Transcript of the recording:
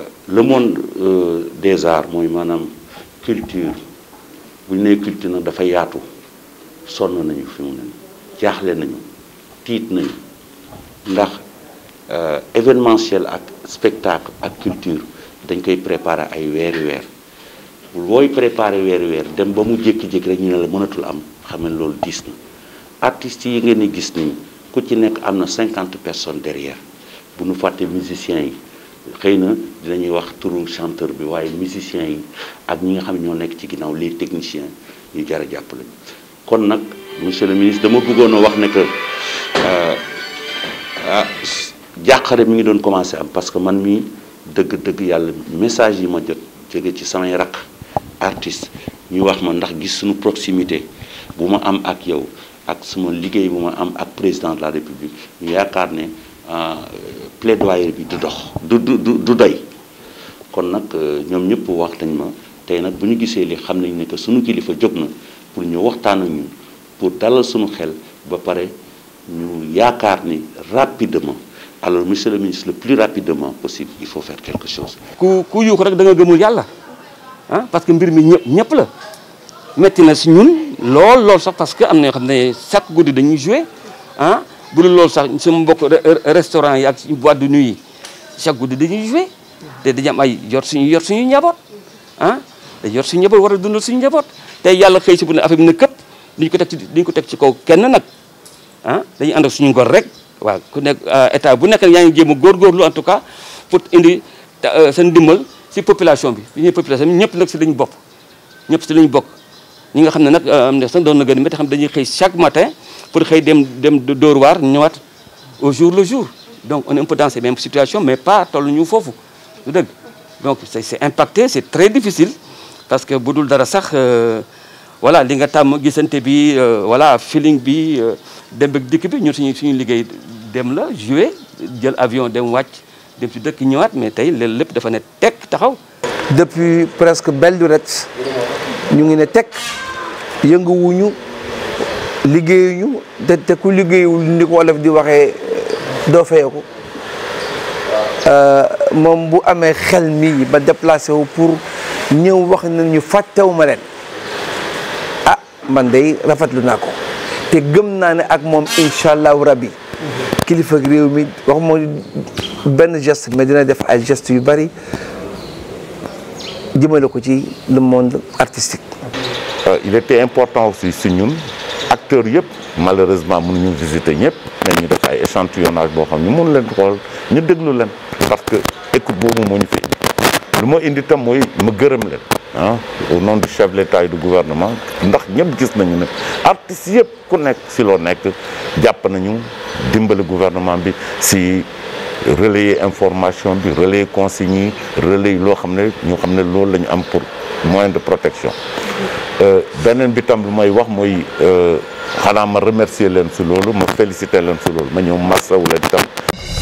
Euh, le monde euh, des arts mooy maanaam culture bu ñu culture culture la dafa yaatu sonn nañu fi mu ne jaaxle nañu tiit nañu ndax euh, événementiel ak spectacle ak culture dañ koy préparer ay weeri Vous voyez préparer weeri weer dem ba mu jékki-jékki rek ñu ne la mënatul am xam ne loolu diis na artistes yi ngeen di gis nii ku ci nekk cinquante personnes derrière bu nous faites musiciens yi xëy na dinañuy wax turu chanteur bi waaye musiciens yi ak ñi nga xam ñoo nekk ci ginnaaw les technicien ñu jar a jàppale kon nag monsieur le ministre dama bëggoon wax ne que euh, ah jàqare mi ngi doon commencé am parce que man mii dëgg-dëgg yàlla message yi ma jot jege ci samay rakk artiste ñu wax ma ndax gis suñu proximité bu ma am ak yow ak suma liggéey bu ma am ak président de la république ñu yaakaar ne Euh, plaidoyer bi du dox du du du doy kon nak euh, ñom ñëpp wax nañ ma tey nag bu ñu li xam nañ ne que suñu kilifa jogna pour ñu waxtaan ak ñu pour dalal suñu xel ba paré ñu yaakaar ni rapidement alors monsieur le ministre le plus rapidement possible il faut faire quelque chose. ku ku yuuxu rek da nga gëmul yalla hein ah, parce que mbir mi ñëpp ñëpp la metti na ci ñun lool lool sax parce que am na yoo xam ne chaque guddi dañuy jouer hein bu dul loolu sax sama mbokk restaurant yi ak suñu boîte de nuit yi chaque guddi dañuy joué te ay yor suñu yor suñu njaboot ah dañu yor suñu njaboot war a dundal suñu njaboot tey yàlla xëy si bu ne affaire bi ne këpp duñu ko teg ci duñu ko teg ci kaw kenn nag ah dañuy ànd suñu ngor rek waaw ku nekk euh, état bu nekk yaa ngi jéem a góorgóorlu en tout cas pour indi euh, seen dimbal si population bi ñu population bi ñëpp nag si lañu bopp ñëpp si lañu bokk ñi nga xamné nak nag euh, am na sax doon na gën a métti dañuy xey chaque matin pour xey dem dem door war ñëwaat au jour le jour donc on est un peu dans ces mêmes situations mais pas tollu ñu fofu deug donc c'est c'est impacté c'est très difficile parce que budul dara sax euh, voilà li nga tam gisante bi euh, voilà feeling bi dem ak dikk bi ñu suñu suñu liggéey dem la jouer jël avion dem wacc dem ci dëkk ñëwaat mais tay lépp dafa ne tek taxaw depuis presque belle lurette ñu ngi ne teg yënguwuñu liggéeyuñu te te ku liggéeyul ni ko wolof di waxee doo fayeeku moom bu amee xel mi ba déplacé wu pour ñëw wax nañu fàttewu ma leen ah man day rafetlu naa ko te gëm naa ne ak moom incha allahu rabbi kilifa réew mi wax moo benn geste mais dina def ay geste yu bari ci le monde artistique. Euh, il était important aussi si ñun acteurs malheureusement ñu visiter mais def ay échantillonnage bo xam ñu leen ñu parce que écoute fi indi hein, au nom du chef de l'État et du gouvernement ndax avons gis nañu artistes ku nekk jàpp nañu dimbali gouvernement bi si relayer information bi relayer consignes relayer loo xam ñu xamné ne loolu am pour moyen de protection euh, benen bi tam lu may wax mooy euh, xanaa ma remercier len ci loolu ma féliciter len ci loolu ma ñëw masawu leen tam